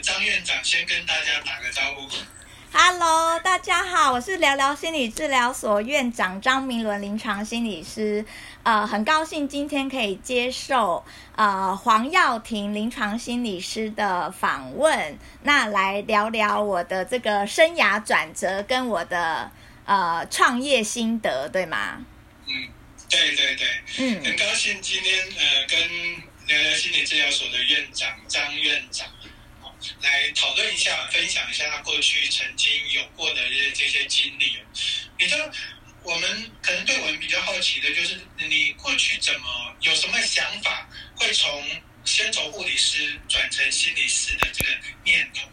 張院長先跟大家打個招呼。Hello，大家好，我是聊聊心理治療所院長張明倫臨床心理師。呃，很高興今天可以接受呃黃耀庭臨床心理師的訪問，那來聊聊我的這個生涯轉折跟我的呃創業心得，對嗎？嗯，對對對，嗯，很高興今天呃跟聊聊心理治療所的院長張院長。來討論一下，分享一下他過去曾經有過的這些經歷。比較我們可能對我們比較好奇的就是，你過去怎麼有什麼想法，會從先從護理師轉成心理師的這個念頭？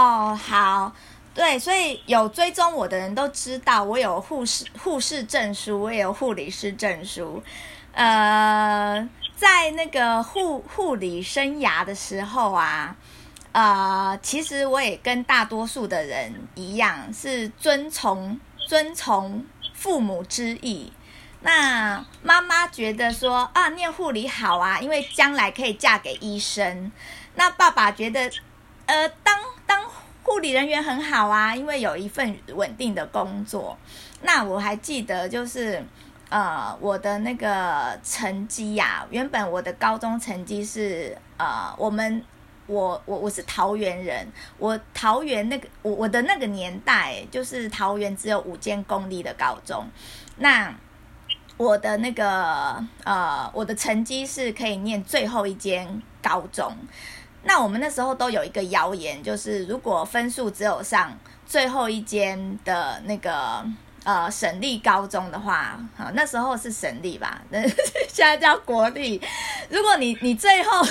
哦，好，對，所以有追蹤我的人都知道，我有護士護士證書，我也有護理師證書。呃，在那個護護理生涯的時候啊。呃，其實我也跟大多數的人一樣，是遵從遵從父母之意。那媽媽覺得說啊，念護理好啊，因為將來可以嫁給醫生。那爸爸覺得，呃，當當護理人員很好啊，因為有一份穩定的工作。那我還記得就是，呃，我的那個成績呀、啊，原本我的高中成績是，呃，我們。我我我是桃園人，我桃園那個我我的那個年代，就是桃園只有五間公立的高中，那我的那個呃我的成績是可以念最後一間高中，那我們那時候都有一個謠言，就是如果分數只有上最後一間的那個。呃，省立高中的話，啊，那時候是省立吧，那現在叫國立。如果你你最後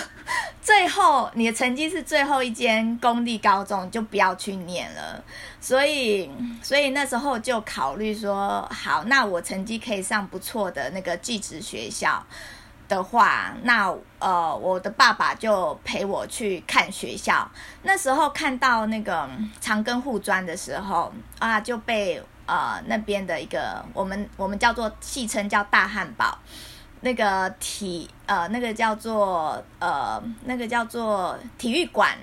最後你的成績是最後一間公立高中，就不要去念了。所以所以那時候就考慮說，好，那我成績可以上不錯的那個技職學校的話，那呃，我的爸爸就陪我去看學校。那時候看到那個長庚護專的時候啊，就被。呃，那邊的一個，我們我們叫做戲稱叫大漢堡，那個體呃，那個叫做呃，那個叫做體育館，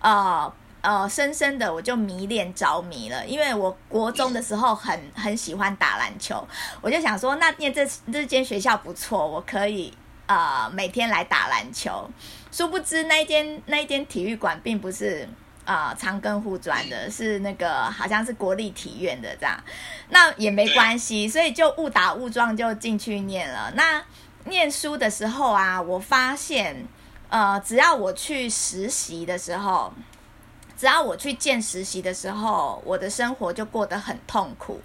啊呃，呃，深深的我就迷戀着迷了，因為我國中的時候很很喜歡打籃球，我就想說那間這這間學校不錯，我可以呃每天來打籃球，殊不知那一間那一間體育館並不是。啊、呃，長庚護專的是那個，好像是國立體院的這樣，那也沒關係，所以就誤打誤撞就進去念了。那念書的時候啊，我發現，呃，只要我去實習的時候，只要我去見實習的時候，我的生活就過得很痛苦。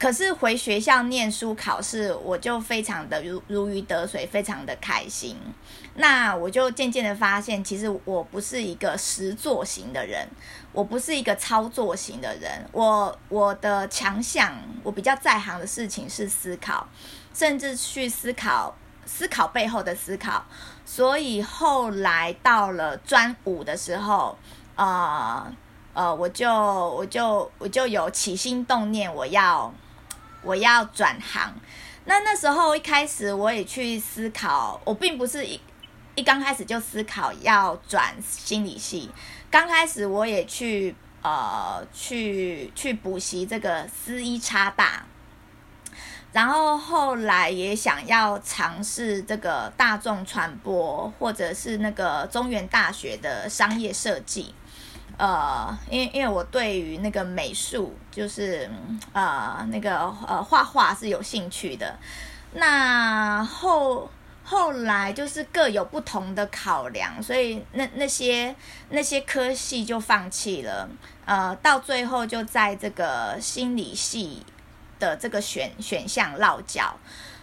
可是回學校念書考試，我就非常的如如魚得水，非常的開心。那我就漸漸地發現，其實我不是一個實作型的人，我不是一個操作型的人，我我的強項，我比較在行的事情是思考，甚至去思考思考背後的思考。所以後來到了專五的時候，呃呃，我就我就我就有起心動念我，我要我要轉行。那那時候一開始我也去思考，我並不是一。一剛開始就思考要轉心理系，剛開始我也去呃去去補習這個私一差大，然後後來也想要嘗試這個大眾傳播或者是那個中原大學的商業設計，呃，因為因為我對於那個美術就是呃那個呃畫畫是有興趣的，那後。後來就是各有不同的考量，所以那那些那些科系就放棄了，呃，到最後就在這個心理系的這個選選項落腳，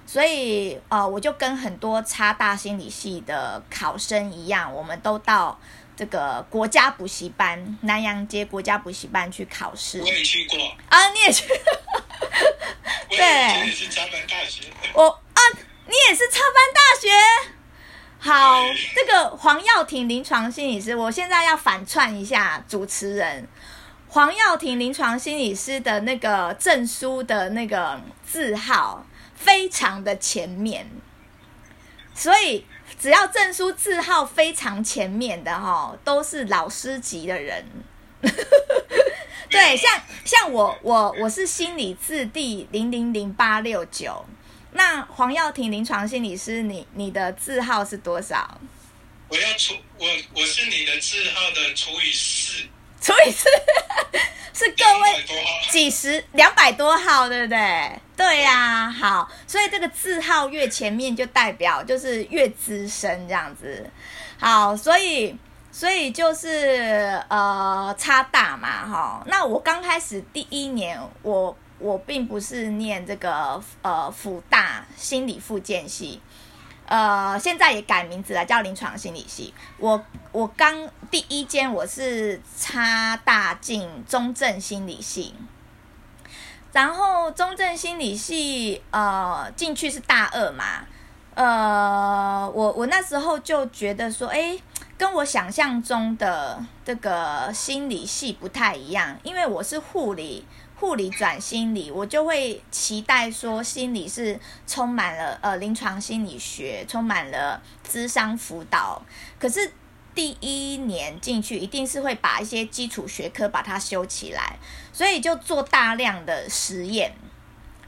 所以呃，我就跟很多插大心理系的考生一樣，我們都到這個國家補習班南陽街國家補習班去考試。我也去過啊，你也去 也？對，我、啊你也是超班大學，好，這、那個黃耀庭臨床心理師，我現在要反串一下主持人。黃耀庭臨床心理師的那個證書的那個字號非常的前面，所以只要證書字號非常前面的哈，都是老師級的人。 對，像像我我我是心理字第零零零八六九。那黃耀庭臨床心理師，你你的字號是多少？我要除我我是你的字號的除以四，除以四 是個位幾十兩百,百多號，對不對？對呀、啊，對。好，所以這個字號越前面就代表就是越資深這樣子。好，所以所以就是呃差大嘛哈。那我剛開始第一年我。我並不是念這個呃輔大心理復健系，呃現在也改名字了，叫臨床心理系。我我剛第一間我是插大進中正心理系，然後中正心理系呃進去是大二嘛，呃我我那時候就覺得說，誒、欸，跟我想象中的這個心理系不太一樣，因為我是護理。護理轉心理，我就會期待說心理是充滿了呃臨床心理學，充滿了諮商輔導。可是第一年進去一定是會把一些基礎學科把它修起來，所以就做大量的實驗。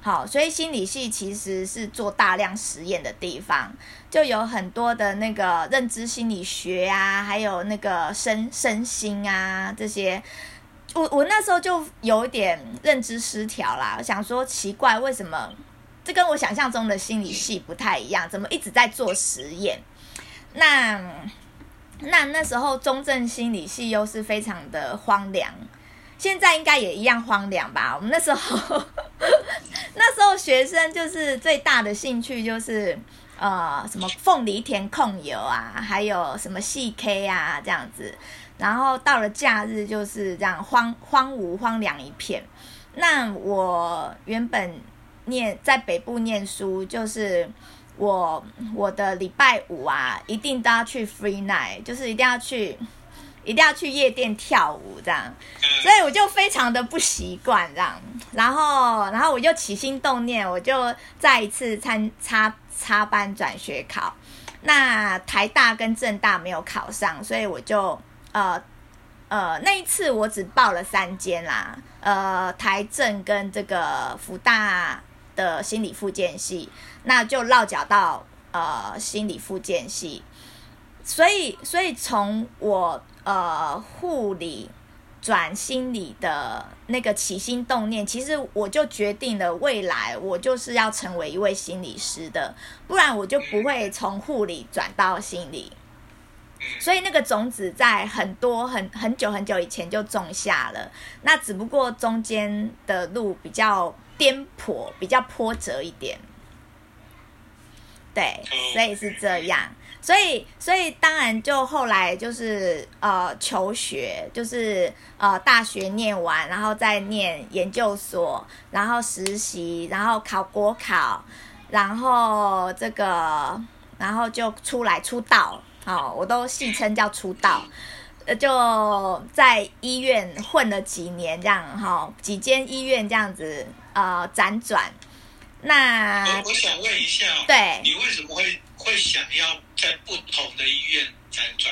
好，所以心理系其實是做大量實驗的地方，就有很多的那個認知心理學啊，還有那個身身心啊這些。我我那時候就有一點認知失調啦，想說奇怪為什麼這跟我想象中的心理系不太一樣，怎麼一直在做實驗？那那那時候中正心理系又是非常的荒涼，現在應該也一樣荒涼吧？我們那時候 那時候學生就是最大的興趣就是呃什麼鳳梨田控油啊，還有什麼 CK 啊這樣子。然後到了假日就是這樣荒荒蕪荒涼一片。那我原本念在北部念書，就是我我的禮拜五啊，一定都要去 free night，就是一定要去，一定要去夜店跳舞這樣。所以我就非常的不習慣這樣。然後，然後我就起心動念，我就再一次參插插班轉學考。那台大跟政大沒有考上，所以我就。呃，呃，那一次我只報了三間啦，呃，台政跟這個福大的心理復健系，那就落腳到呃心理復健系。所以，所以從我呃護理轉心理的那個起心動念，其實我就決定了未來我就是要成為一位心理師的，不然我就不會從護理轉到心理。所以那個種子在很多很很，很久很久以前就種下了，那只不過中間的路比較顛簸，比較波折一點，對，所以是這樣。所以，所以當然就後來就是呃求學，就是呃大學念完，然後再念研究所，然後實習，然後考國考，然後這個，然後就出來出道。好、哦，我都戲稱叫出道，呃，就在醫院混了幾年，這樣哈、哦，幾間醫院這樣子啊，呃、輾轉。那、呃、我想問一下，對，你為什麼會會想要在不同的醫院輾轉？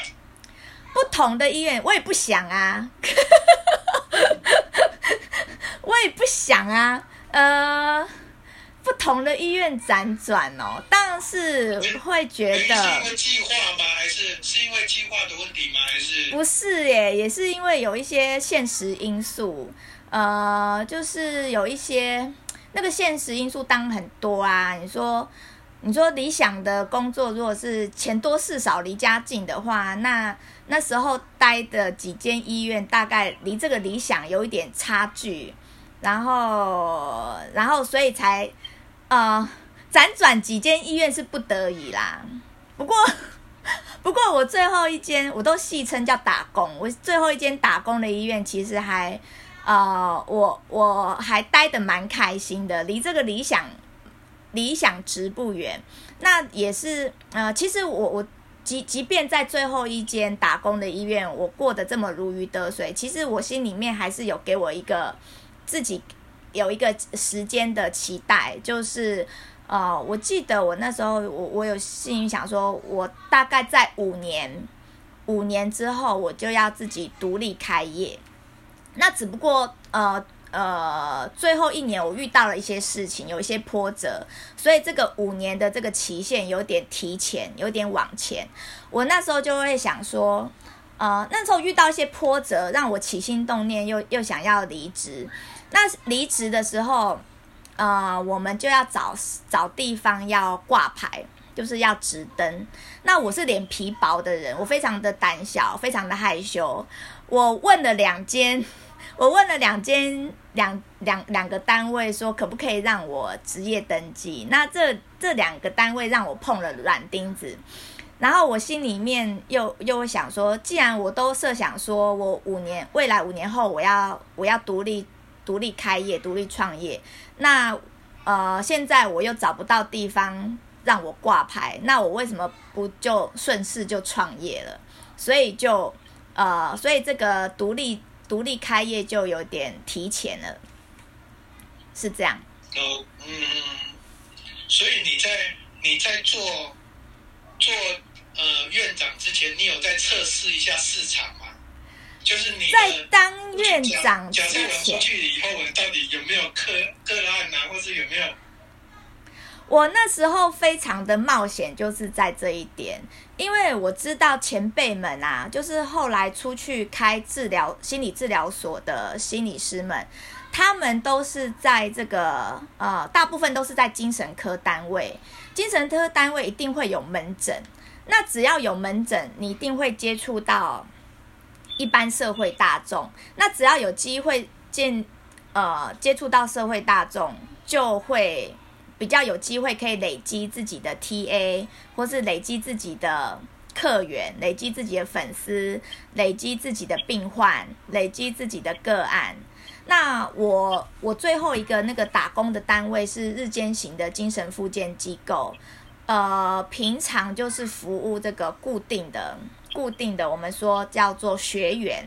不同的醫院，我也不想啊， 我也不想啊，呃，不同的醫院輾轉哦，當然是會覺得。不是耶，也是因為有一些現實因素，呃，就是有一些那個現實因素當然很多啊。你說，你說理想的工作，如果是錢多事少、離家近的話，那那時候待的幾間醫院大概離這個理想有一點差距，然後，然後所以才呃輾轉幾間醫院是不得已啦。不過。不過我最後一間，我都戲稱叫打工。我最後一間打工的醫院，其實還，呃，我我還待得蠻開心的，離這個理想理想值不遠。那也是，呃，其實我我即即便在最後一間打工的醫院，我過得這麼如魚得水，其實我心裡面還是有給我一個自己有一個時間的期待，就是。哦、呃，我記得我那時候，我我有心想說，我大概在五年五年之後，我就要自己獨立開業。那只不過，呃呃，最後一年我遇到了一些事情，有一些波折，所以這個五年的這個期限有點提前，有點往前。我那時候就會想說，呃，那時候遇到一些波折，讓我起心動念又又想要離職。那離職的時候。呃，我們就要找找地方要掛牌，就是要執登。那我是臉皮薄的人，我非常的膽小，非常的害羞。我問了兩間，我問了兩間兩兩兩個單位，說可不可以讓我執業登記？那這這兩個單位讓我碰了軟釘子，然後我心裡面又又會想說，既然我都設想說我五年未來五年後我要我要獨立。獨立開業，獨立創業。那呃，現在我又找不到地方讓我掛牌，那我為什麼不就順勢就創業了？所以就呃，所以這個獨立獨立開業就有點提前了，是這樣。哦，嗯，所以你在你在做做呃院長之前，你有在測試一下市場嗎？就是你在當院長之前，出去以後，你到底有沒有個個案啊，或是有沒有？我那時候非常的冒險，就是在這一點，因為我知道前輩們啊，就是後來出去開治療心理治療所的心理師們，他們都是在這個呃，大部分都是在精神科單位，精神科單位一定會有門診，那只要有門診，你一定會接觸到。一般社會大眾，那只要有機會見，呃，接觸到社會大眾，就會比較有機會可以累積自己的 TA，或是累積自己的客源，累積自己的粉絲，累積自己的病患，累積自己的個案。那我我最後一個那個打工的單位是日間型的精神復健機構，呃，平常就是服務這個固定的。固定的，我們說叫做學員，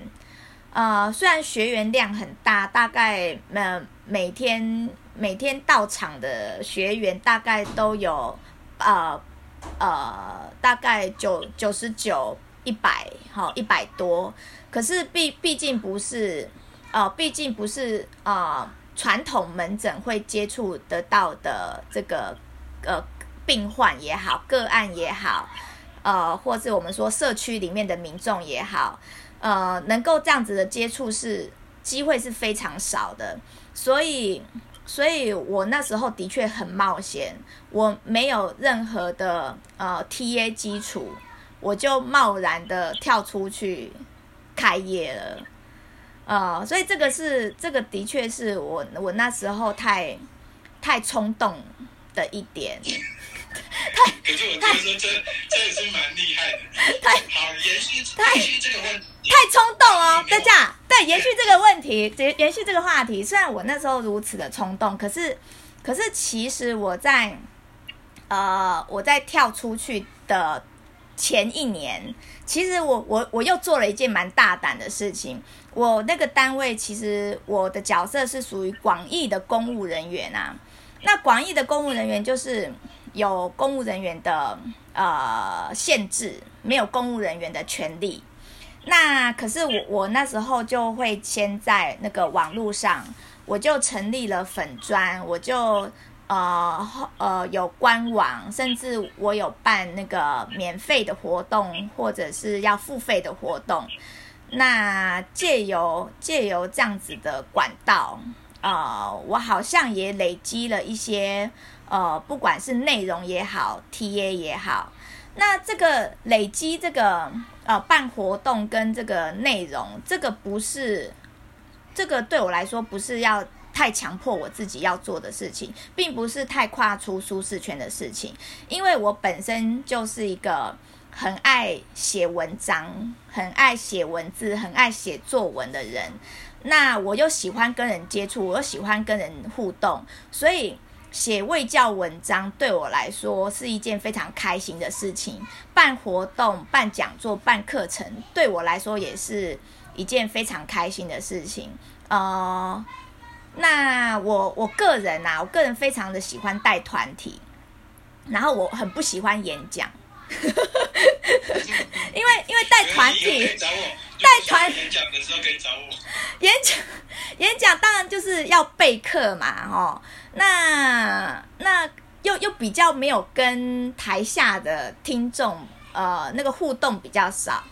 呃，雖然學員量很大，大概每、呃、每天每天到場的學員大概都有，呃呃，大概九九十九一百好一百多，可是畢畢竟不是，呃，畢竟不是呃傳統門診會接觸得到的這個呃病患也好，個案也好。呃，或是我們說社區裡面的民眾也好，呃，能夠這樣子的接觸是機會是非常少的，所以，所以我那時候的確很冒險，我沒有任何的呃 TA 基礎，我就貿然的跳出去開業了，呃，所以這個是這個的確是我我那時候太太衝動的一點。太，可是我覺得說這這也太是蠻厲害的。太好延續，太延續這個問題，太衝動哦！這樣對延續這個問題，哦、也延續題對延續這個話題。雖然我那時候如此的衝動，可是可是其實我在呃我在跳出去的前一年，其實我我我又做了一件蠻大膽的事情。我那個單位其實我的角色是屬於廣義的公務人員啊。那廣義的公務人員就是。有公務人員的呃限制，沒有公務人員的權利。那可是我我那時候就會簽在，那個網絡上，我就成立了粉專，我就呃呃有官網，甚至我有辦那個免費的活動或者是要付費的活動。那借由借由這樣子的管道啊、呃，我好像也累積了一些。呃，不管是內容也好，TA 也好，那這個累積這個呃辦活動跟這個內容，這個不是，這個對我來說不是要太強迫我自己要做的事情，並不是太跨出舒適圈的事情，因為我本身就是一個很愛寫文章、很愛寫文字、很愛寫作文的人，那我又喜歡跟人接觸，我又喜歡跟人互動，所以。寫衛教文章對我來說是一件非常開心的事情，辦活動、辦講座、辦課程，對我來說也是一件非常開心的事情。呃，那我我個人啊，我個人非常的喜歡帶團體，然後我很不喜歡演講。 因為因為帶團體，帶團、就是、演講的時候可以找我演。演講當然就是要備課嘛，哦，那那又又比較沒有跟台下的聽眾呃那個互動比較少，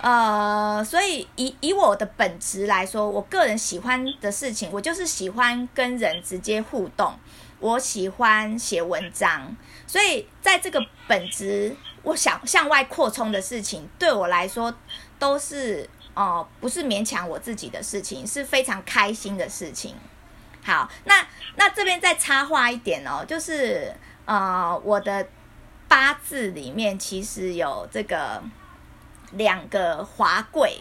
呃，所以以以我的本質來說，我個人喜歡的事情，我就是喜歡跟人直接互動，我喜歡寫文章，所以在這個本質我想向外擴充的事情，對我來說都是哦、呃，不是勉強我自己的事情，是非常開心的事情。好，那那這邊再插話一點哦，就是呃，我的八字裡面其實有這個兩個華貴，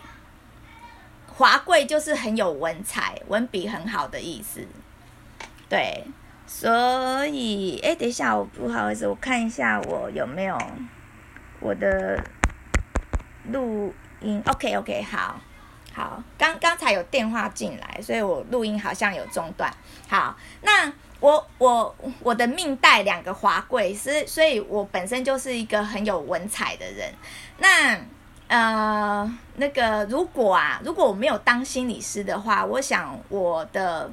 華貴就是很有文采、文筆很好的意思，對，所以哎，等一下，我不好意思，我看一下我有沒有。我的錄音 OK OK，好，好，剛剛才有電話進來，所以我錄音好像有中斷。好，那我我我的命帶兩個華蓋，所以所以我本身就是一個很有文采的人。那呃，那個如果啊，如果我沒有當心理師的話，我想我的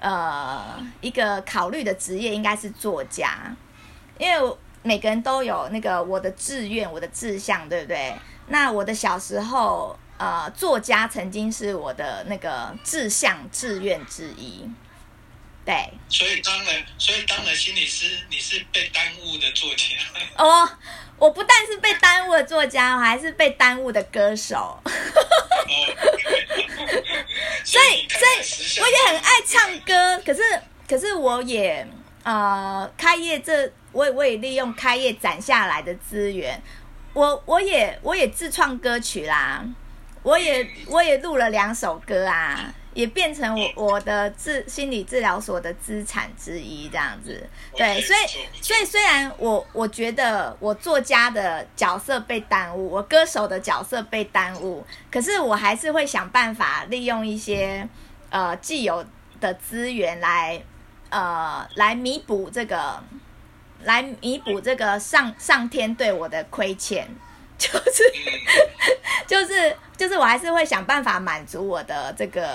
呃一個考慮的職業應該是作家，因為。每個人都有那個我的志願，我的志向，對不對？那我的小時候，呃，作家曾經是我的那個志向、志願之一。對，所以當然，所以當了心理師，你是被耽誤的作家。哦，oh, 我不但是被耽誤的作家，我還是被耽誤的歌手。所以，所以,所以我也很愛唱歌， 可是，可是我也呃開業這。我也我也利用開業攢下來的資源，我我也我也自創歌曲啦，我也我也錄了兩首歌啊，也變成我我的治心理治療所的資產之一這樣子。對，所以所以雖然我我覺得我作家的角色被耽誤，我歌手的角色被耽誤，可是我還是會想辦法利用一些呃既有的資源來呃來彌補這個。來彌補這個上上天對我的虧欠，就是就是就是，就是、我還是會想辦法滿足我的這個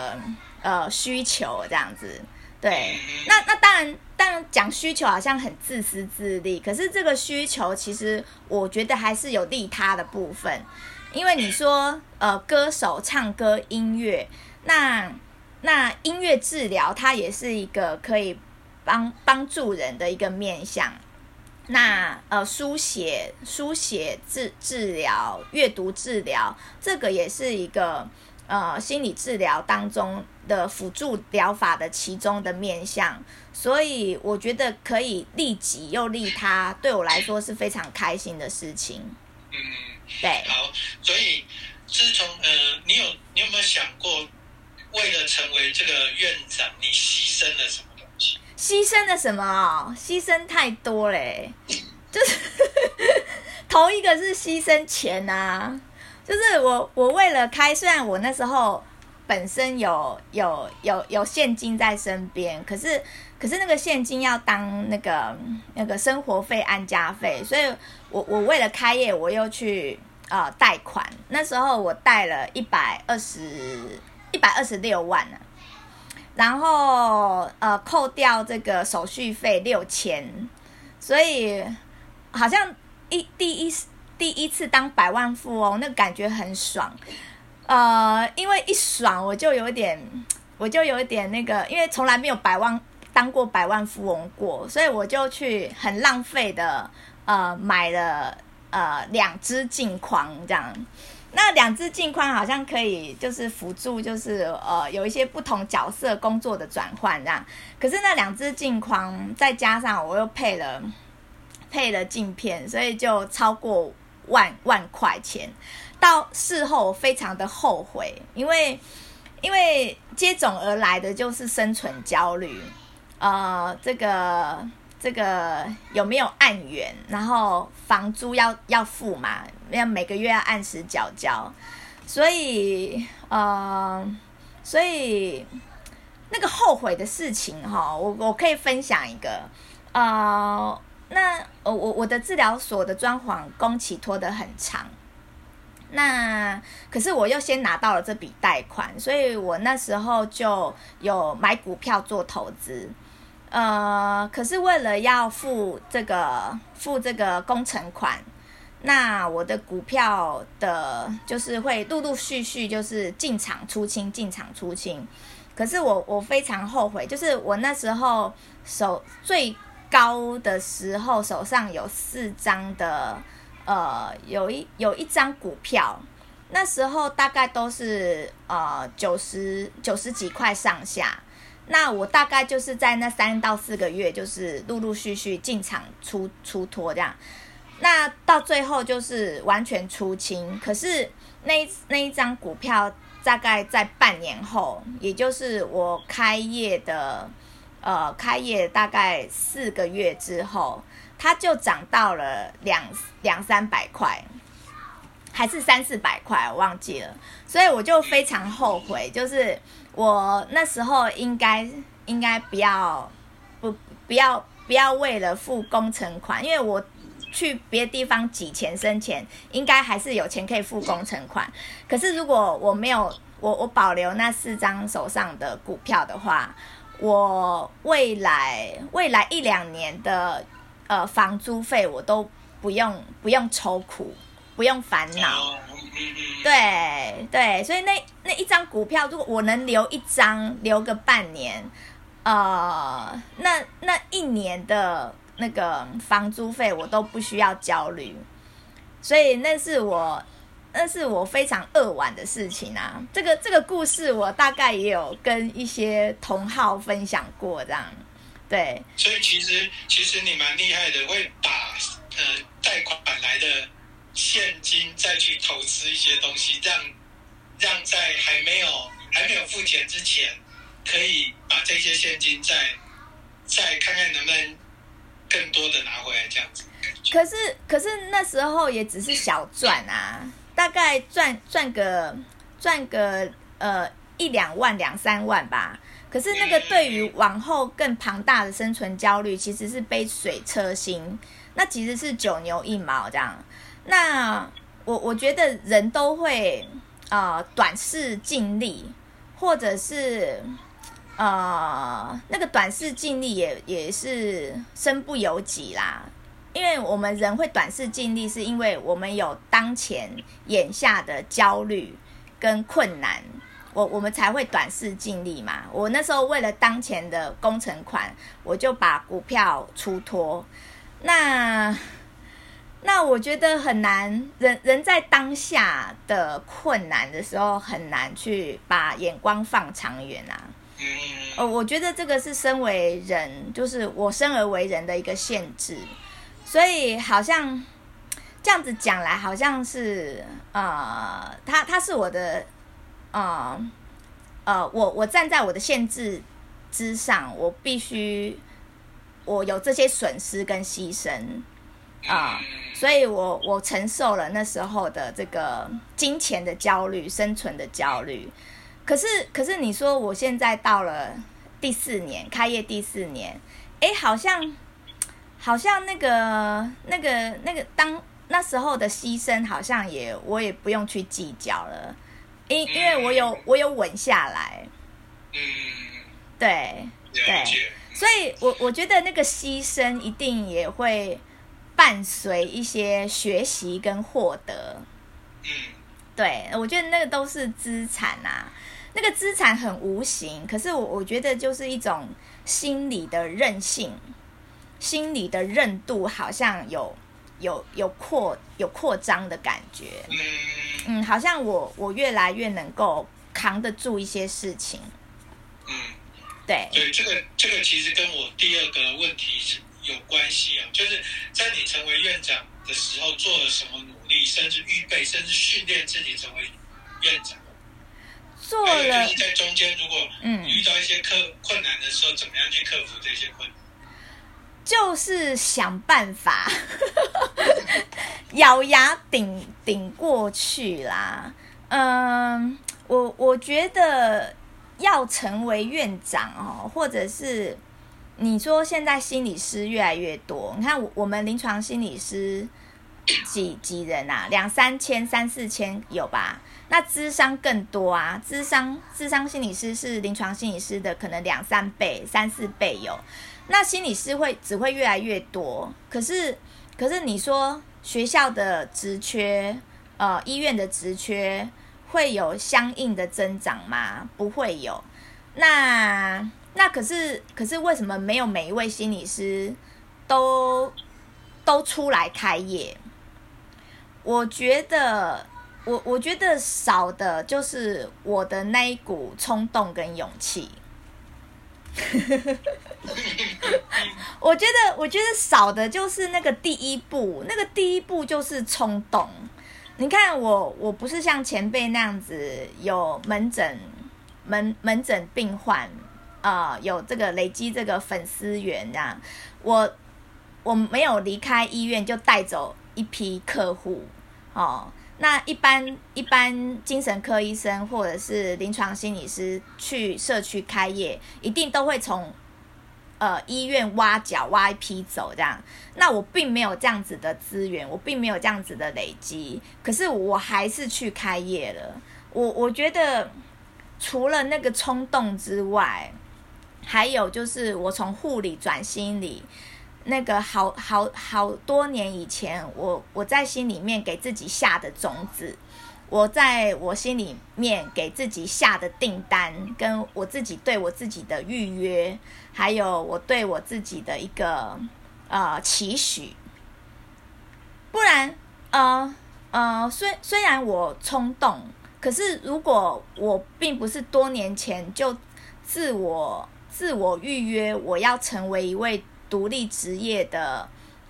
呃需求，這樣子。對，那那當然當然講需求好像很自私自利，可是這個需求其實我覺得還是有利他的部分，因為你說呃歌手唱歌音樂，那那音樂治療它也是一個可以幫幫助人的一個面向。那呃，書寫、書寫治治療、閱讀治療，這個也是一個呃心理治療當中的輔助療法的其中的面向，所以我覺得可以利己又利他，對我來說是非常開心的事情。嗯，對。好，所以自從呃，你有你有沒有想過，為了成為這個院長，你犧牲了什麼？犧牲了什麼？哦，犧牲太多嘞，就是頭 一個是犧牲錢吶、啊，就是我我為了開，雖然我那時候本身有有有有現金在身邊，可是可是那個現金要當那個那個生活費、安家費，所以我我為了開業，我又去呃貸款，那時候我貸了一百二十一百二十六萬呢、啊。然後呃，扣掉這個手續費六千，所以好像一第一次第一次當百萬富翁，那個感覺很爽，呃，因為一爽我就有點，我就有點那個，因為從來沒有百萬當過百萬富翁過，所以我就去很浪費的呃買了呃兩只鏡框這樣。那兩隻鏡框好像可以，就是輔助，就是呃，有一些不同角色工作的轉換這樣。可是那兩隻鏡框再加上我又配了配了鏡片，所以就超過萬萬塊錢。到事後非常的後悔，因為因為接踵而來的就是生存焦慮，呃，這個。這個有沒有按月，然後房租要要付嘛？要每個月要按時繳交、交。所以呃，所以那個後悔的事情哈、哦，我我可以分享一個。呃，那我我我的治療所的裝潢工期拖得很長。那可是我又先拿到了這筆貸款，所以我那時候就有買股票做投資。呃，可是為了要付這個付這個工程款，那我的股票的，就是會陸陸續續就是進場出清，進場出清。可是我我非常後悔，就是我那時候手最高的時候手上有四張的，呃，有一有一張股票，那時候大概都是呃九十九十幾塊上下。那我大概就是在那三到四個月，就是陸陸續續進場出出脫這樣，那到最後就是完全出清。可是那那一張股票大概在半年後，也就是我開業的呃開業大概四個月之後，它就漲到了兩兩三百塊，還是三四百塊，我忘記了。所以我就非常後悔，就是。我那時候應該應該不要，不不要不要為了付工程款，因為我去別的地方擠錢生錢，應該還是有錢可以付工程款。可是如果我沒有我我保留那四張手上的股票的話，我未來未來一兩年的呃房租費我都不用不用愁苦，不用煩惱。 對對，所以那那一張股票，如果我能留一張，留個半年，呃，那那一年的那個房租費我都不需要焦慮，所以那是我那是我非常惡腕扼腕的事情啊。這個這個故事我大概也有跟一些同好分享過，這樣對。所以其實其實你蠻厲害的，會把呃貸款買來的，現金再去投資一些東西，讓讓在還沒有還沒有付錢之前，可以把這些現金再再看看能不能更多的拿回來，這樣子。可是可是那時候也只是小賺啊， 大概賺賺個賺個呃一兩萬兩三萬吧。可是那個對於往後更龐大的生存焦慮，其實是杯水車薪，那其實是九牛一毛這樣。那我我覺得人都會啊、呃、短視近利，或者是呃那個短視近利也也是身不由己啦。因為我們人會短視近利，是因為我們有當前眼下的焦慮跟困難，我我們才會短視近利嘛。我那時候為了當前的工程款，我就把股票出脫，那。那我覺得很難，人人在當下的困難的時候很難去把眼光放長遠啊。哦，我覺得這個是身為人，就是我生而為人的一個限制，所以好像這樣子講來，好像是呃，他他是我的，呃呃，我我站在我的限制之上，我必須我有這些損失跟犧牲。啊、哦，所以我，我我承受了那時候的這個金錢的焦慮，生存的焦慮。可是，可是你說我現在到了第四年，開業第四年，欸，好像，好像那個那個那個，那個、當那時候的犧牲，好像也我也不用去計較了，因因為我有我有穩下來，嗯，對對，對了解，所以我我覺得那個犧牲一定也會。伴隨一些學習跟獲得，嗯，對我覺得那個都是資產啊，那個資產很無形，可是我我覺得就是一種心理的韌性，心理的韌度好像有有有擴有擴張的感覺，嗯，嗯，好像我我越來越能夠扛得住一些事情，嗯，對，對，這個這個其實跟我第二個問題是。有關係啊、哦，就是在你成為院長的時候做了什麼努力，甚至預備，甚至訓練自己成為院長。做了。就是在中間，如果嗯遇到一些、嗯、困難的時候，怎麼樣去克服這些困難？就是想辦法， 咬牙頂頂過去啦。嗯，我我覺得要成為院長哦，或者是。你說現在心理師越來越多，你看我我們臨床心理師幾幾人啊？兩三千、三四千有吧？那諮商更多啊，諮商、諮商心理師是臨床心理師的可能兩三倍、三四倍有。那心理師會只會越來越多，可是可是你說學校的職缺，呃，醫院的職缺會有相應的增長嗎？不會有。那。那可是，可是為什麼沒有每一位心理師都都出來開業？我覺得，我我覺得少的就是我的那一股衝動跟勇氣。 我覺得，我覺得少的就是那個第一步，那個第一步就是衝動。你看我，我我不是像前輩那樣子有門診門門診病患。啊、呃，有這個累積這個粉絲源這樣，我我沒有離開醫院就帶走一批客戶哦。那一般一般精神科醫生或者是臨床心理師去社區開業，一定都會從呃醫院挖角挖一批走這樣。那我並沒有這樣子的資源，我並沒有這樣子的累積，可是我還是去開業了。我我覺得除了那個衝動之外，還有就是，我從護理轉心理，那個好好好多年以前，我，我我在心裡面給自己下的種子，我在我心裡面給自己下的訂單，跟我自己對我自己的預約，還有我對我自己的一個呃期許。不然，呃呃，雖雖然我衝動，可是如果我並不是多年前就自我。自我預約，我要成為一位獨立職業的，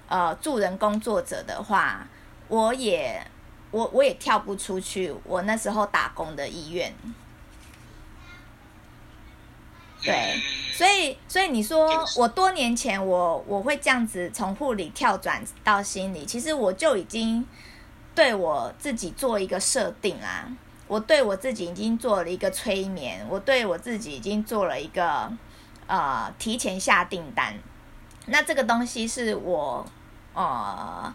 呃，助人工作者的話，我也，我我也跳不出去我那時候打工的醫院。對，所以，所以你說 Yes. 我多年前我我會這樣子從護理跳轉到心理，其實我就已經對我自己做一個設定啊，我對我自己已經做了一個催眠，我對我自己已經做了一個。呃，提前下訂單，那這個東西是我，呃，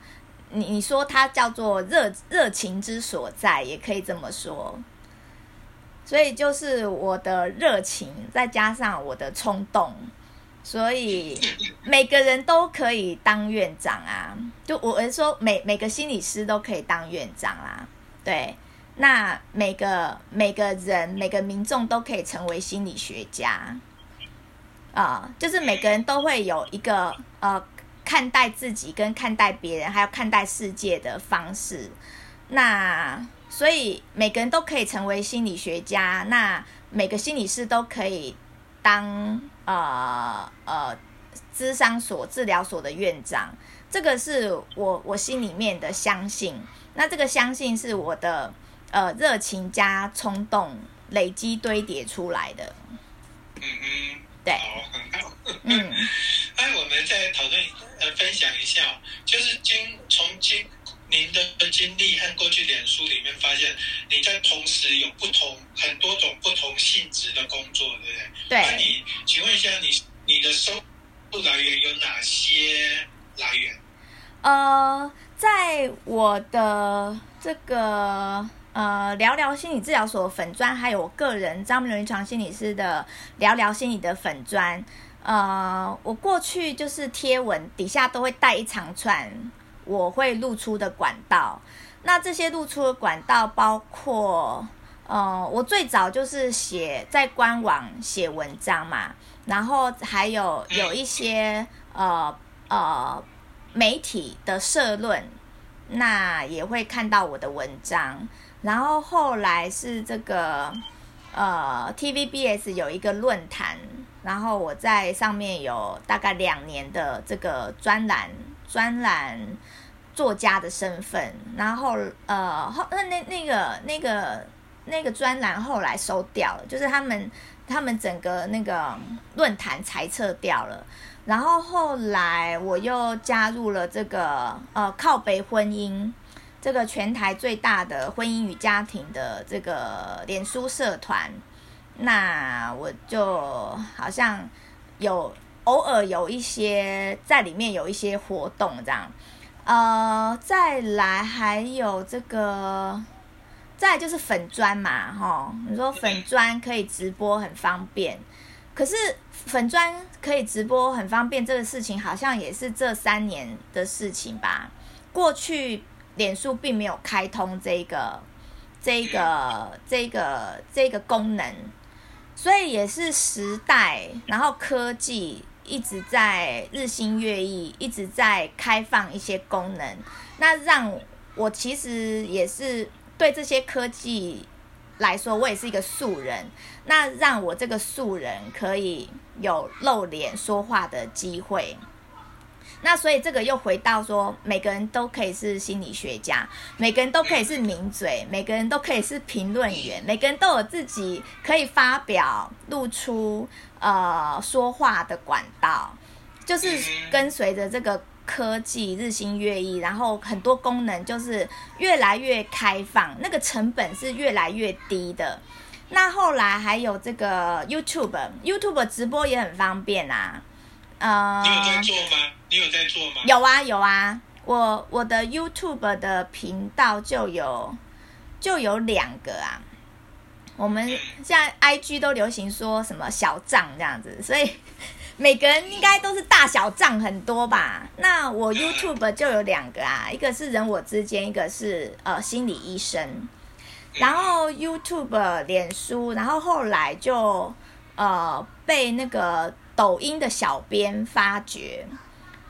你說它叫做熱熱情之所在，也可以這麼說。所以就是我的熱情，再加上我的衝動，所以每個人都可以當院長啊！就我是說每，每每個心理師都可以當院長啦、啊，對。那每個每個人，每個民眾都可以成為心理學家。啊、呃，就是每個人都會有一個呃，看待自己跟看待別人，還有看待世界的方式。那所以每個人都可以成為心理學家，那每個心理師都可以當呃呃諮商所治療所的院長。這個是我我心裡面的相信，那這個相信是我的呃熱情加衝動累積堆疊出來的。嗯，嗯好，很好。嗯，哎， 我們再討論呃，分享一下、哦，就是經從經您的經歷和過去臉書裡面發現，你在同時有不同很多種不同性質的工作，對不對？對。那、啊、你請問一下你，你你的收入來源有哪些來源？呃，在我的這個。呃，聊聊心理治療所的粉專，還有我個人張銘倫臨床心理師的聊聊心理的粉專。呃，我過去就是貼文底下都會帶一長串我會露出的管道。那這些露出的管道包括，呃，我最早就是寫在官網寫文章嘛，然後還有有一些呃呃媒體的社論，那也會看到我的文章。然後後來是這個，呃，TVBS 有一個論壇，然後我在上面有大概兩年的這個專欄，專欄作家的身份。然後呃，後那那那個那個、那個、那個專欄後來收掉了，就是他們他們整個那個論壇裁撤掉了。然後後來我又加入了這個，呃，靠北婚姻。這個全台最大的婚姻與家庭的這個臉書社團，那我就好像有偶爾有一些在裡面有一些活動這樣，呃，再來還有這個，再來就是粉專嘛，齁、哦，你說粉專可以直播很方便，可是粉專可以直播很方便這個事情好像也是這三年的事情吧，過去。臉書並沒有開通這個、這個、這個、這個功能，所以也是時代，然後科技一直在日新月異，一直在開放一些功能，那讓我其實也是對這些科技來說，我也是一個素人，那讓我這個素人可以有露臉說話的機會。那所以這個又回到說，每個人都可以是心理學家，每個人都可以是名嘴，每個人都可以是評論員，每個人都有自己可以發表、露出、呃說話的管道，就是跟隨着這個科技日新月異，然後很多功能就是越來越開放，那個成本是越來越低的。那後來還有這個 YouTube，YouTube 直播也很方便啊。呃，uh, 你有在做嗎？你有在做嗎？有啊有啊，我我的 YouTube 的頻道就有就有兩個啊。我們現在 IG 都流行說什麼小賬這樣子，所以每個人應該都是大小賬很多吧？那我 YouTube 就有兩個啊，一個是人我之間，一個是呃心理醫生。然後 YouTube、臉書，然後後來就呃被那個。抖音的小編發掘，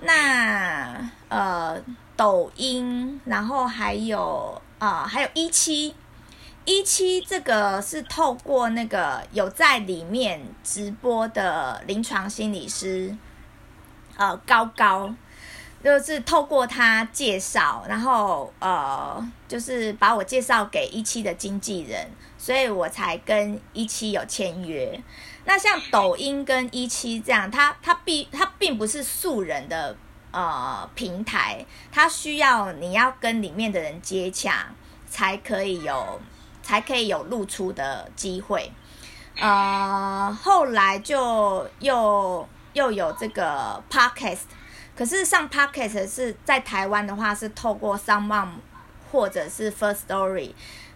那呃，抖音，然後還有啊、呃，還有一七，一七這個是透過那個有在裡面直播的臨床心理師，呃，高高，就是透過他介紹，然後呃，就是把我介紹給一七的經紀人，所以我才跟一七有簽約。那像抖音跟17這樣，它它並它並不是素人的呃平台，它需要你要跟裡面的人接洽，才可以有才可以有露出的機會。呃，後來就又又有這個 podcast，可是上 podcast 是在台灣的話，是透過 SoundOn 或者是 Firstory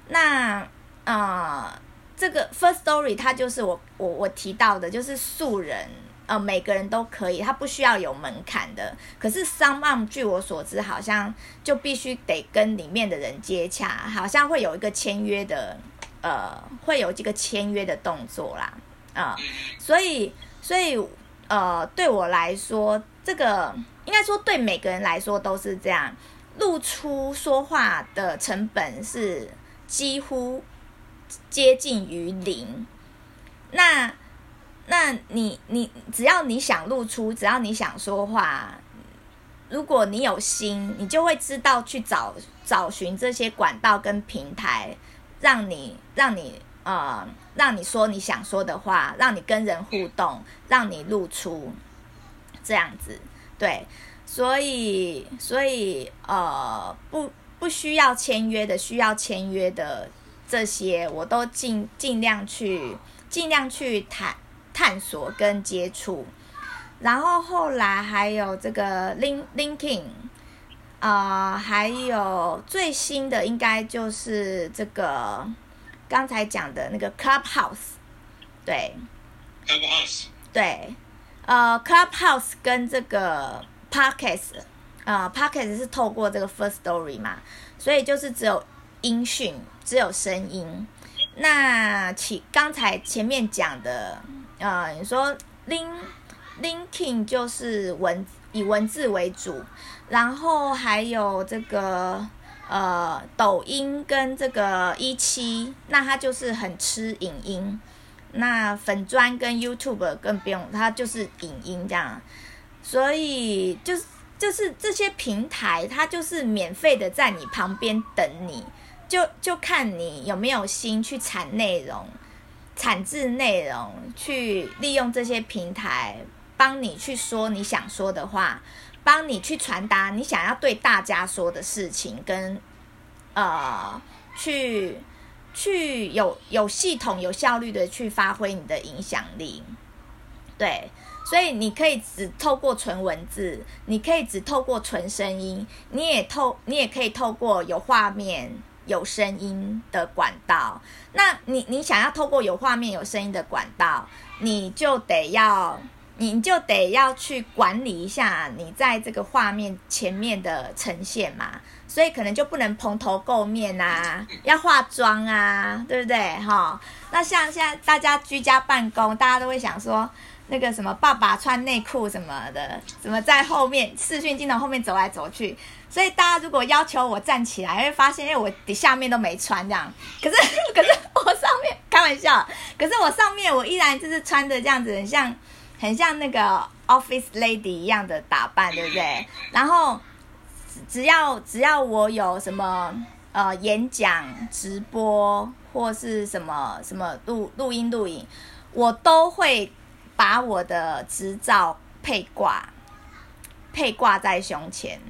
那。那呃。這個 Firstory 它，就是我我我提到的，就是素人，呃，每個人都可以，它不需要有門檻的。可是 SoundOn，據我所知，好像就必須得跟裡面的人接洽，好像會有一個簽約的，呃，會有幾個簽約的動作啦，啊、呃，所以所以呃，對我來說，這個應該說對每個人來說都是這樣，露出說話的成本是幾乎。接近於零，那那你你只要你想露出，只要你想說話，如果你有心，你就會知道去找找尋這些管道跟平台，讓你讓你呃，讓你說你想說的話，讓你跟人互動，讓你露出這樣子。對，所以所以呃，不不需要簽約的，需要簽約的。這些我都盡盡量去盡量去探探索跟接觸，然後後來還有這個 link linking 啊、呃，還有最新的應該就是這個剛才講的那個 clubhouse，對，clubhouse，And 對，呃，clubhouse 跟這個 podcast 啊、呃、，podcast 是透過這個 Firstory 嘛，所以就是只有。音訊只有聲音，那前剛才前面講的，呃，你說 LinkedIn LinkedIn 就是文以文字為主，然後還有這個呃抖音跟這個17，那它就是很吃影音，那粉專，跟 YouTube 更不用，它就是影音這樣，所以就是就是這些平台，它就是免費的在你旁邊等你。就就看你有沒有心去產內容、產製內容，去利用這些平台，幫你去說你想說的話，幫你去傳達你想要對大家說的事情，跟呃，去去有有系統、有效率的去發揮你的影響力。對，所以你可以只透過純文字，你可以只透過純聲音，你也透你也可以透過有畫面。有聲音的管道,那你你想要透過有畫面、有聲音的管道,你就得要,你就得要去管理一下你在這個畫面前面的呈現嘛,所以可能就不能蓬頭垢面啊,要化妝啊,對不對？哈、哦，那像現在大家居家辦公,大家都會想說。那個什麼爸爸穿內褲什麼的，什麼在後面視訊鏡頭後面走來走去？所以大家如果要求我站起來，會發現，因為我底下面都沒穿這樣。可是可是我上面開玩笑，可是我上面我依然就是穿的這樣子，很像很像那個 office lady 一樣的打扮，對不對？然後只要只要我有什麼呃演講、直播或是什麼什麼錄錄音、錄影，我都會。把我的執照配掛，配掛在胸前。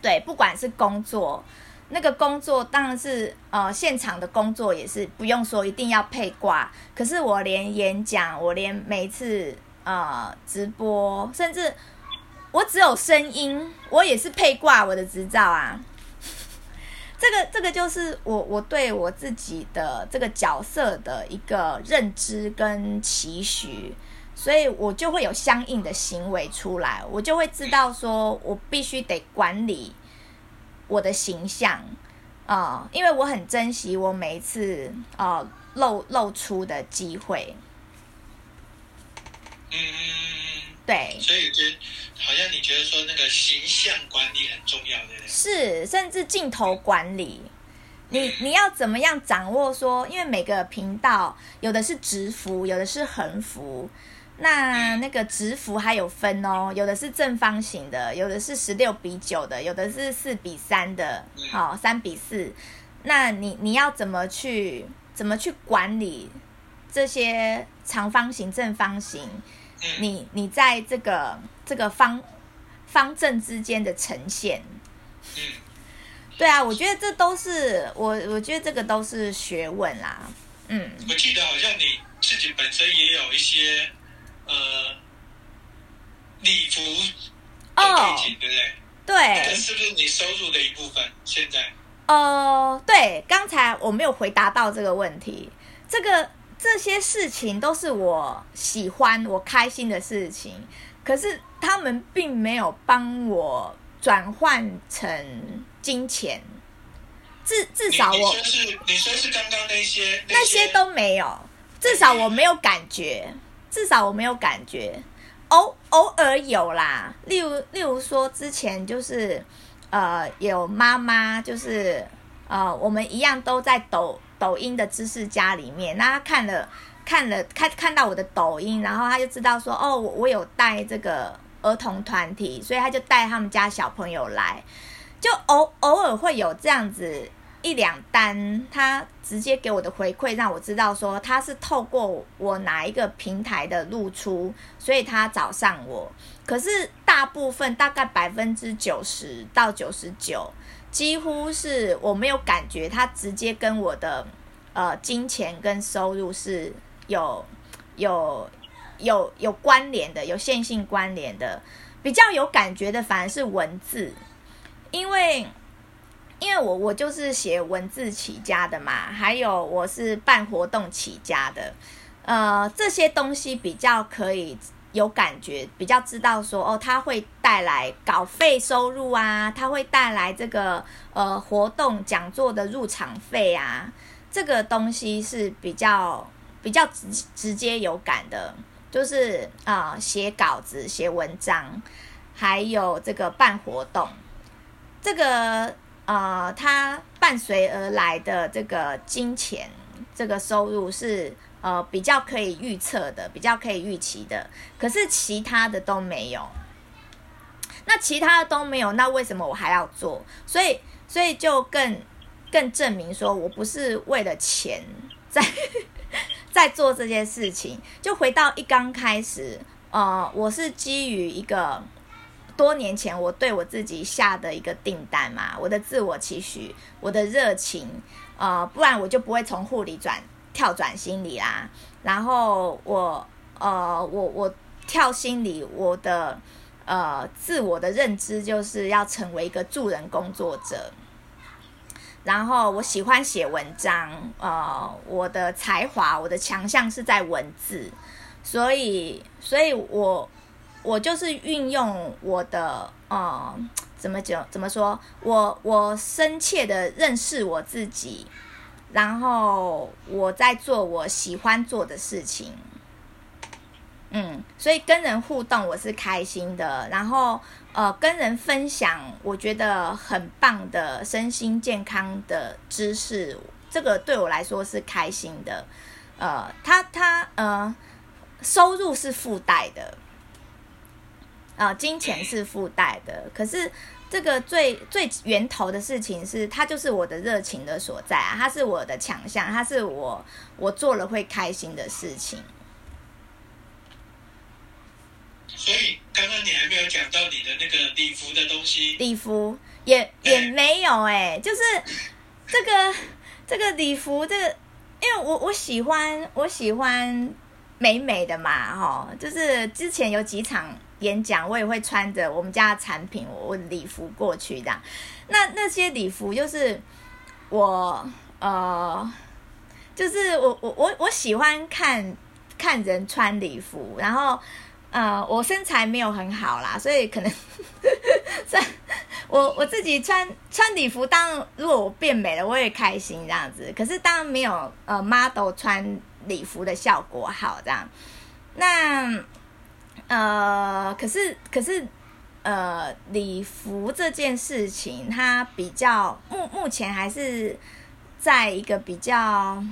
對，不管是工作，那個工作當然是呃，現場的工作也是不用說，一定要配掛。可是我連演講，我連每次呃直播，甚至我只有聲音，我也是配掛我的執照啊。這個這個就是我我對我自己的這個角色的一個認知跟期許。所以我就會有相應的行為出來，我就會知道說，我必須得管理我的形象啊、呃，因為我很珍惜我每一次啊、呃、露露出的機會。嗯，對。所以就好像你覺得說那個形象管理很重要，的人，是，甚至鏡頭管理，你、嗯、你要怎麼樣掌握說？因為每個頻道有的是直幅，有的是橫幅。那那個直幅還有分哦，有的是正方形的，有的是十六比九的，有的是四比三的，好、嗯，哦，三比四。那你你要怎麼去怎麼去管理這些長方形、正方形？嗯、你你在這個這個方方陣之間的呈現，嗯、對啊，我覺得這都是我我覺得這個都是學問啦。嗯，我記得好像你自己本身也有一些。呃，禮服的哦，對不對？對，是不是你收入的一部分？現在？哦、呃，對，剛才我沒有回答到這個問題。這個這些事情都是我喜歡、我開心的事情，可是他們並沒有幫我轉換成金錢。至至少我你你說是，你說是剛剛那些那些，那些都沒有，至少我沒有感覺。你感覺至少我沒有感覺，偶偶爾有啦。例如，例如說之前就是，呃，有媽媽就是，呃，我們一樣都在抖抖音的知識家裡面。那他看了看了看看到我的抖音，然後他就知道說，哦，我我有帶這個兒童團體，所以他就帶他們家小朋友來，就偶偶爾會有這樣子。一兩單，他直接給我的回饋，讓我知道說他是透過我哪一個平台的露出，所以他找上我。可是大部分大概百分之九十到九十九，幾乎是我沒有感覺，他直接跟我的呃金錢跟收入是有有有有關聯的，有線性關聯的，比較有感覺的反而是文字，因為。因為我我就是寫文字起家的嘛，還有我是辦活動起家的，呃，這些東西比較可以有感覺，比較知道說哦，它會帶來稿費收入啊，它會帶來這個呃活動講座的入場費啊，這個東西是比較比較直直接有感的，就是啊、呃、寫稿子寫文章，還有這個辦活動，這個。呃，它伴隨而來的這個金錢，這個收入是呃比較可以預測的，比較可以預期的。可是其他的都沒有，那其他的都沒有，那為什麼我還要做？所以，所以就更更證明說我不是為了錢在在做這件事情。就回到一剛開始，呃，我是基於一個。多年前，我對我自己下的一個訂單嘛，我的自我期許，我的熱情，呃，不然我就不會從護理轉跳轉心理啦。然後我，呃，我我跳心理，我的呃自我的認知就是要成為一個助人工作者。然後我喜歡寫文章，呃，我的才華，我的強項是在文字，所以，所以我。我就是運用我的呃，怎麼講？怎麼說？我我深切的認識我自己，然後我在做我喜歡做的事情，嗯，所以跟人互動我是開心的，然後呃，跟人分享我覺得很棒的身心健康的知識，這個對我來說是開心的，呃，他他呃，收入是附帶的。啊、哦，金錢是附帶的，對可是這個最最源頭的事情是，它就是我的熱情的所在啊，它是我的強項，它是我我做了會開心的事情。所以剛剛你還沒有講到你的那個禮服的東西，禮服也也沒有哎、欸，對就是這個 這個禮服，這個、因為我我喜歡我喜歡美美的嘛，吼，就是之前有幾場，演講我也會穿着我們家的產品，我的禮服過去這樣。那那些禮服就是我呃，就是我我我我喜歡看看人穿禮服，然後呃，我身材沒有很好啦，所以可能， 我我自己穿穿禮服當，當如果我變美了，我也開心這樣子。可是當沒有呃 model 穿禮服的效果好這樣，那。呃，可是，可是，呃，禮服這件事情，它比較目目前還是在一個比較，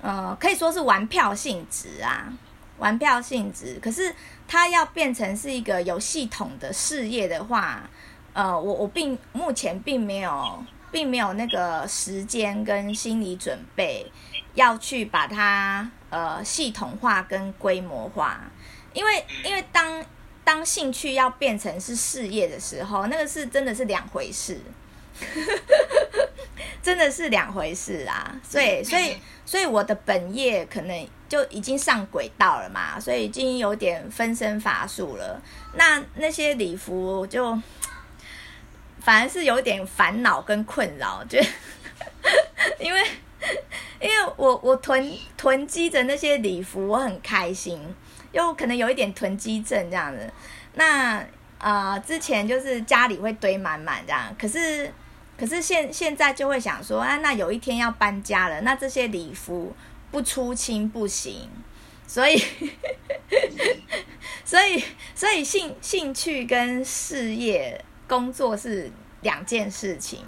呃，可以說是玩票性質啊，玩票性質。可是它要變成是一個有系統的事業的話，呃，我我並目前並沒有，並沒有那個時間跟心理準備，要去把它呃系統化跟規模化。因為，因為當當興趣要變成是事業的時候，那個是真的是兩回事， 真的是兩回事啊！所以，所以，所以我的本業可能就已經上軌道了嘛，所以已經有點分身乏術了。那那些禮服就反而是有點煩惱跟困擾，就因為因為我我囤囤積着那些禮服，我很開心。又可能有一點囤積症這樣子，那呃之前就是家裡會堆滿滿這樣，可是可是現現在就會想說啊，那有一天要搬家了，那這些禮服不出清不行，所以 所以所以，所以興興趣跟事業工作是兩件事情。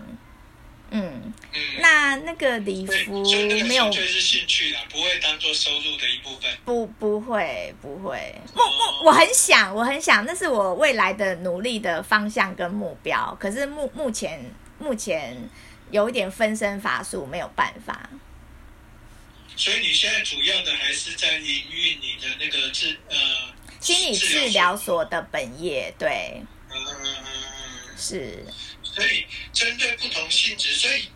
嗯，嗯那那個禮服沒有，就興趣是興趣啦，不會當做收入的一部分。不，不會，不會。哦、我很想，我很想，那是我未來的努力的方向跟目標。可是目目前目前有一點分身乏術，沒有辦法。所以你現在主要的還是在營運你的那個治呃心理治療所的本業，嗯、對，嗯、是。所以，針對不同性質，所以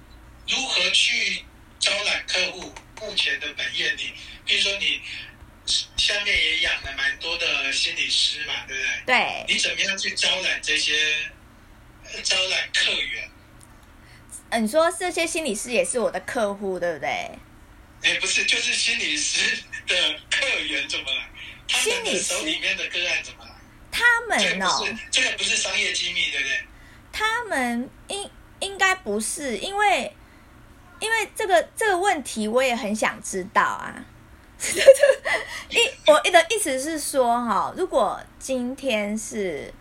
如何去招攬客戶？目前的本業，你譬如說，你下面也養了蠻多的心理師嘛，對不對？對。你怎麼樣去招攬這些，招攬客源？嗯、呃，你說這些心理師也是我的客戶，對不對？哎，不是，就是心理師的客源怎麼來？心理師手裡面的個案怎麼來？他們哦，這個不，不是商業機密，對不對？他們應應該不是，因為因為這個這個問題我也很想知道啊。一， 我的意思是說哈，如果今天是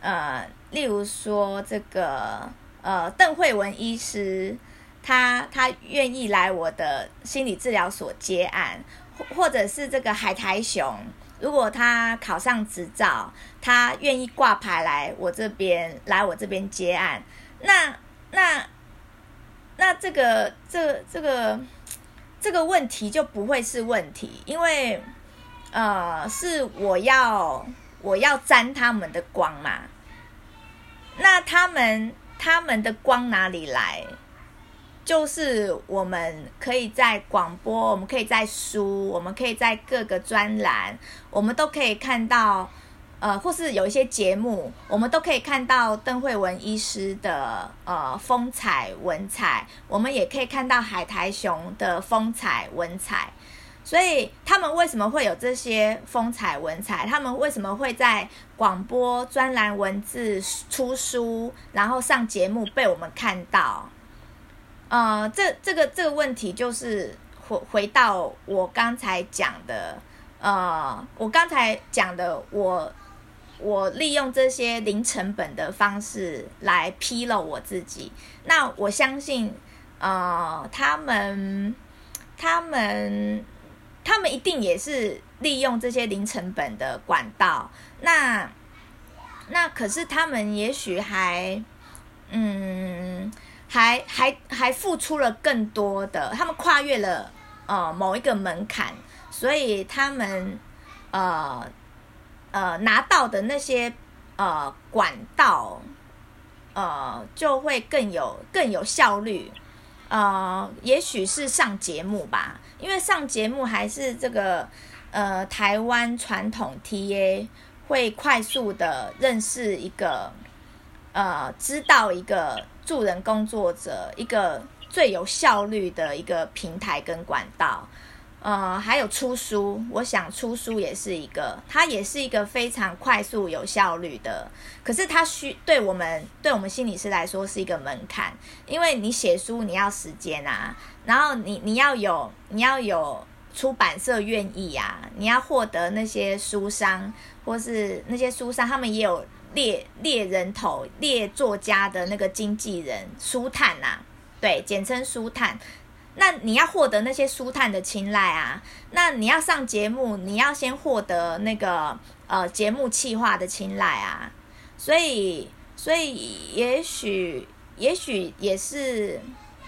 呃，例如說這個呃鄧惠文醫師，他他願意來我的心理治療所接案，或或者是這個海苔熊。如果他考上執照，他願意掛牌來我這邊，來我這邊接案，那那那這個這這個、這個、這個問題就不會是問題，因為呃，是我要我要沾他們的光嘛。那他們他們的光哪裡來？就是我們可以在廣播，我們可以在書，我們可以在各個專欄，我們都可以看到，呃，或是有一些節目，我們都可以看到鄧惠文醫師的呃風采文采，我們也可以看到海苔熊的風采文采。所以他們為什麼會有這些風采文采？他們為什麼會在廣播、專欄、文字、出書，然後上節目被我們看到？呃，這這個這個問題就是回回到我剛才講的，呃，我剛才講的我，我我利用這些零成本的方式來披露我自己。那我相信，呃，他們他們他們一定也是利用這些零成本的管道。那那可是他們也許還嗯。還還還付出了更多的，他們跨越了呃某一個門檻，所以他們呃呃拿到的那些呃管道呃就會更有更有效率，呃，也許是上節目吧，因為上節目還是這個呃台灣傳統 TA 會快速的認識一個呃知道一個。助人工作者一個最有效率的一個平台跟管道，呃，還有出書，我想出書也是一個，它也是一個非常快速有效率的。可是它需對我們對我們心理師來說是一個門檻，因為你寫書你要時間啊，然後你你要有你要有出版社願意啊，你要獲得那些書商或是那些書商他們也有。獵獵人頭獵作家的那個經紀人舒坦啊。對，簡稱舒坦。那你要獲得那些舒坦的青睞啊，那你要上節目，你要先獲得那個呃節目企劃的青睞啊。所以，所以也許，也許也是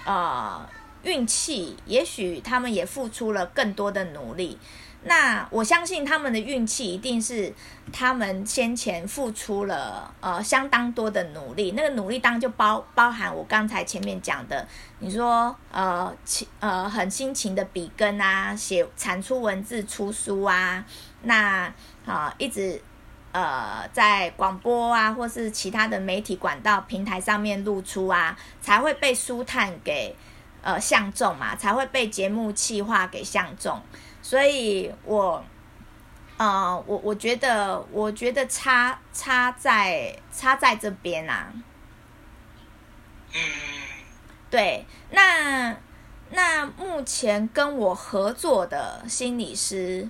啊、呃、運氣，也許他們也付出了更多的努力。那我相信他們的運氣一定是他們先前付出了呃相當多的努力，那個努力當然就包包含我剛才前面講的，你說呃呃很辛勤的筆耕啊，寫產出文字出書啊，那啊、呃、一直呃在廣播啊或是其他的媒體管道平台上面露出啊，才會被書探給呃相中嘛，才會被節目企劃給相中。所以我，呃，我，啊，我我覺得，我覺得差差在差在這邊啊。對，那那目前跟我合作的心理師，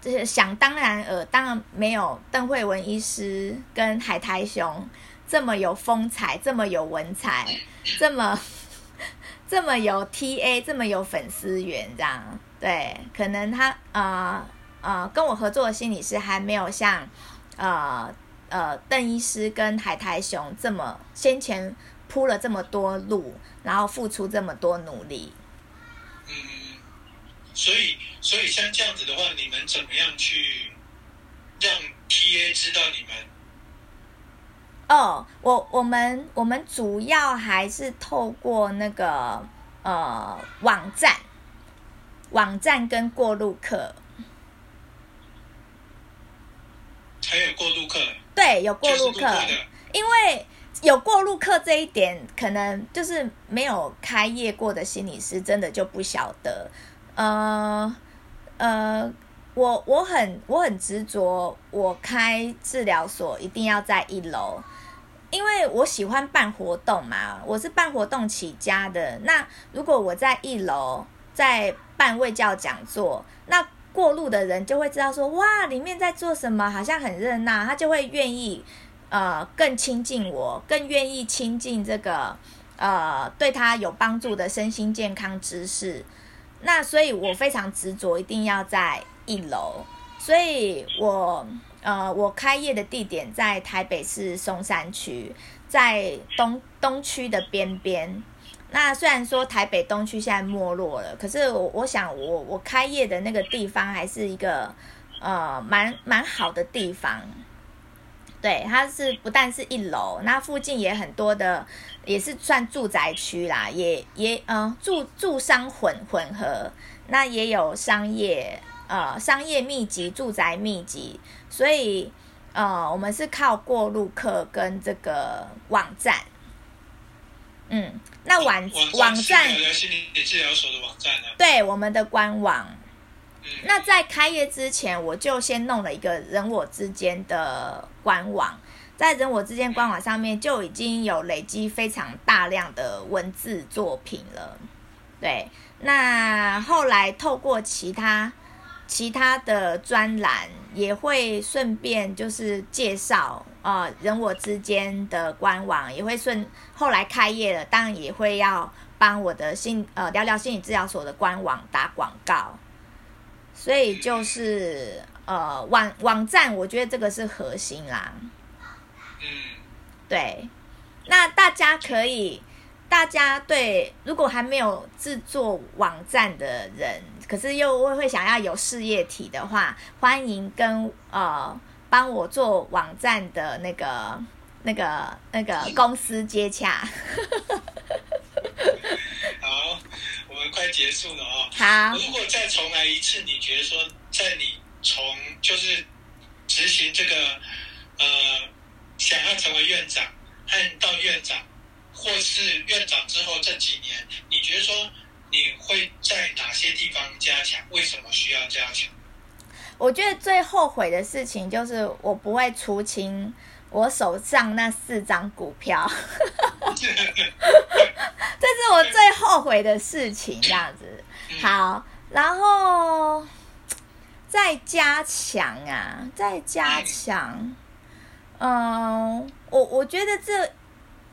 就是想當然爾，當然沒有鄧惠文醫師跟海苔熊這麼有風采，這麼有文采，這麼這麼有 T A，這麼有粉絲緣這樣。對，可能他呃呃跟我合作的心理師還沒有像，呃呃鄧醫師跟海苔熊這麼先前鋪了這麼多路，然後付出這麼多努力。嗯，所以所以像這樣子的話，你們怎麼樣去讓 TA 知道你們？哦，我我們我們主要還是透過那個呃網站。網站跟過路客，還有過路客。對，有過路客，因為有過路客這一點，可能就是沒有開業過的心理師真的就不曉得。呃呃，我我很我很執着，我開治療所一定要在一樓，因為我喜歡辦活動嘛，我是辦活動起家的。那如果我在一樓，在辦衛教講座，那過路的人就會知道說，哇，裡面在做什麼，好像很熱鬧，他就會願意，呃，更親近我，更願意親近這個，呃，對他有幫助的身心健康知識。那所以，我非常執着，一定要在一樓。所以我，呃，我開業的地點在台北市松山區，在東東區的邊邊。那雖然說台北東區現在沒落了，可是我我想我我開業的那個地方還是一個，呃，蠻蠻好的地方。對，它是不但是一樓，那附近也很多的，也是算住宅區啦，也也呃住住商混混合，那也有商業，呃商業密集，住宅密集，所以呃我們是靠過路客跟這個網站。嗯，那網網站，對，我們的官網。嗯，那在開業之前，我就先弄了一個人我之間的官網，在人我之間官網上面就已經有累積非常大量的文字作品了。對，那後來透過其他其他的專欄。也會順便就是介紹啊、呃，人我之間的官網也會順後來開業了，當然也會要幫我的心呃聊聊心理治療所的官網打廣告，所以就是呃網網站，我覺得這個是核心啦。嗯，對，那大家可以，大家對，如果還沒有制作網站的人。可是又會想要有事業體的話，歡迎跟呃幫我做網站的那個、那個、那個公司接洽。 好，我們快結束了哦。好。如果再重來一次，你覺得說，在你從就是執行這個呃想要成為院長，和到院長或是院長之後這幾年，你覺得說？你會在哪些地方加強？為什麼需要加強？我覺得最後悔的事情就是我不會出清我手上那四張股票， 這是我最後悔的事情。 這樣子好，嗯、然後再加強啊，再加強。嗯，呃、我我覺得這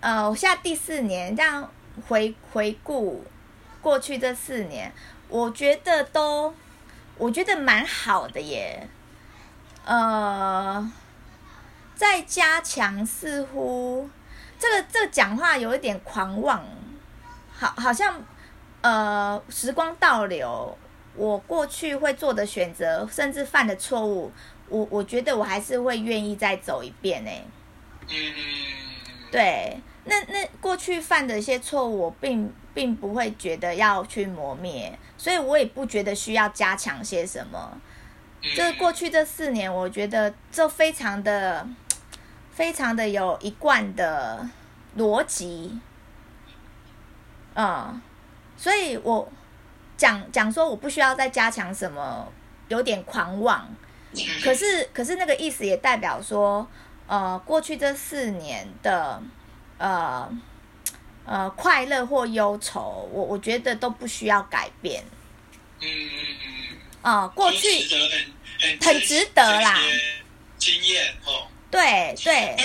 呃，我現在第四年這樣回回顧。過去這四年，我覺得都，我覺得蠻好的耶。呃，再加強似乎這個這個講話有一點狂妄，好好像呃時光倒流，我過去會做的選擇，甚至犯的錯誤，我我覺得我還是會願意再走一遍呢。嗯，對。那那過去犯的一些錯誤，我並並不會覺得要去磨滅，所以我也不覺得需要加強些什麼。就是過去這四年，我覺得這非常的非常的有一貫的邏輯啊，所以我講講說我不需要再加強什麼，有點狂妄。可是可是那個意思也代表說，呃，過去這四年的。呃，呃，快樂或憂愁，我我覺得都不需要改變。嗯嗯嗯。啊、嗯嗯呃，過去值、欸、很值得啦。經驗哦。對對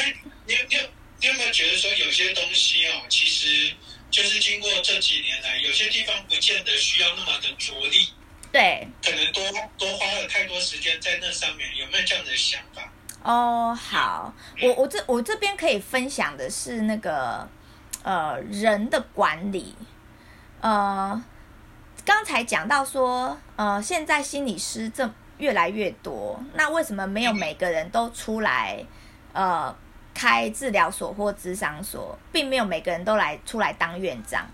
你你。你有你有你有沒有覺得說有些東西哦，其實就是經過這幾年來，有些地方不見得需要那麼的着力。對。可能多多花了太多時間在那上面，有沒有這樣的想法？哦，oh, 好，我我這我這邊可以分享的是那個，呃，人的管理，呃，剛才講到說，呃，現在心理師這越來越多，那為什麼沒有每個人都出來，呃，開治療所或諮商所，並沒有每個人都來出來當院長？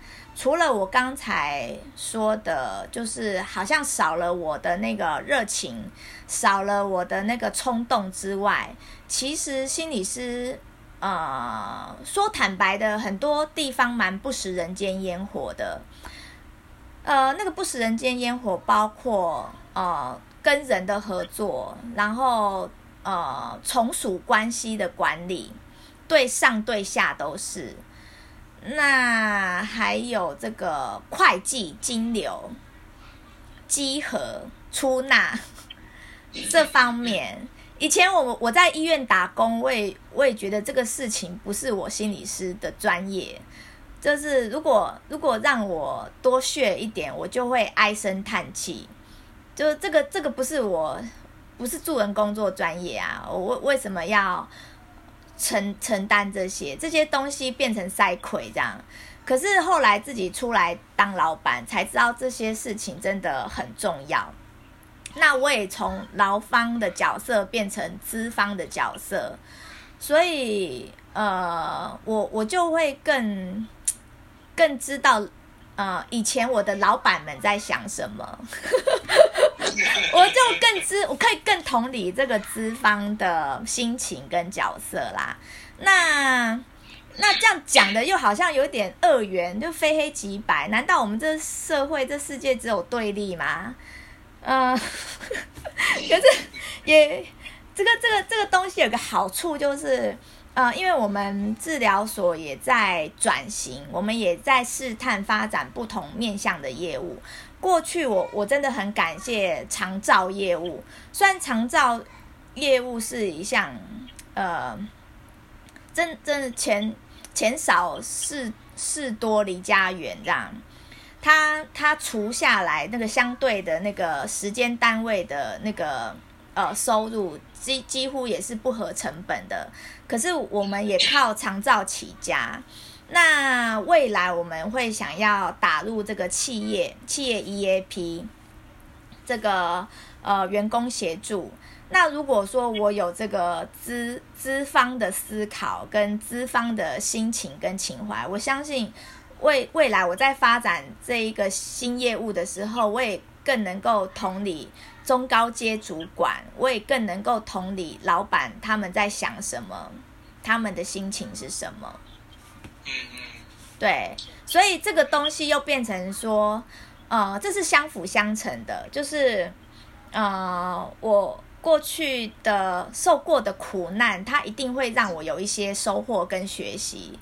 除了我剛才說的，就是好像少了我的那個熱情，少了我的那個衝動之外，其實心理師，呃，說坦白的，很多地方蠻不食人間煙火的。呃，那個不食人間煙火，包括呃跟人的合作，然後呃從屬關係的管理，對上對下都是。那還有這個會計、金流、稽核、出納這方面，以前我我在醫院打工，我也我也覺得這個事情不是我心理師的專業，就是如果如果讓我多學一點，我就會唉聲嘆氣，就是這個這個不是我不是助人工作專業啊，我為為什麼要？承承擔這些這些東西變成賽葵這樣，可是後來自己出來當老闆才知道這些事情真的很重要。那我也從勞方的角色變成資方的角色，所以呃，我我就會更更知道。嗯，以前我的老闆們在想什麼， 我就更知，我可以更同理這個資方的心情跟角色啦。那那這樣講的又好像有點二元，就非黑即白。難道我們這社會這世界只有對立嗎？嗯， 可是也這個這個這個東西有個好處就是。呃，因為我們治療所也在轉型，我們也在試探發展不同面向的業務。過去我，我我真的很感謝長照業務，雖然長照業務是一項呃，真真的錢錢少，事事多，離家遠，這樣。他他除下來那個相對的那個時間單位的那個。呃，收入，幾幾乎也是不合成本的，可是我們也靠長照起家。那未來我們會想要打入這個企業企業 EAP 這個呃員工協助。那如果說我有這個資資方的思考跟資方的心情跟情懷，我相信未未來我在發展這一個新業務的時候，我也更能夠同理。中高階主管，我也更能夠同理老闆他們在想什麼，他們的心情是什麼。對，所以這個東西又變成說，呃，這是相輔相成的，就是，呃，我過去的受過的苦難，它一定會讓我有一些收穫跟學習。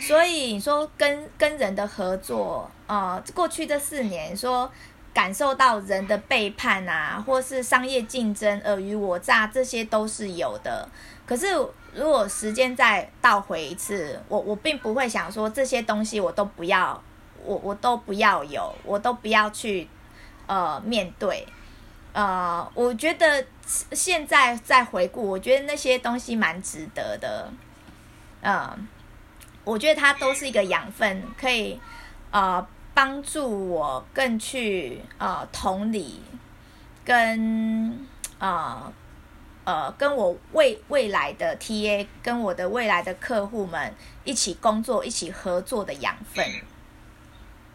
所以你說跟跟人的合作，呃，過去這四年說。感受到人的背叛啊，或是商業競爭、爾虞我詐，這些都是有的。可是，如果時間再倒回一次，我我並不會想說這些東西我都不要，我我都不要有，我都不要去，呃，面對。呃，我覺得現在再回顧，我覺得那些東西蠻值得的。嗯、呃，我覺得它都是一個養分，可以，呃。幫助我更去啊、呃、同理，跟啊呃，呃跟我未未來的 T A 跟我的未來的客戶們一起工作、一起合作的養分。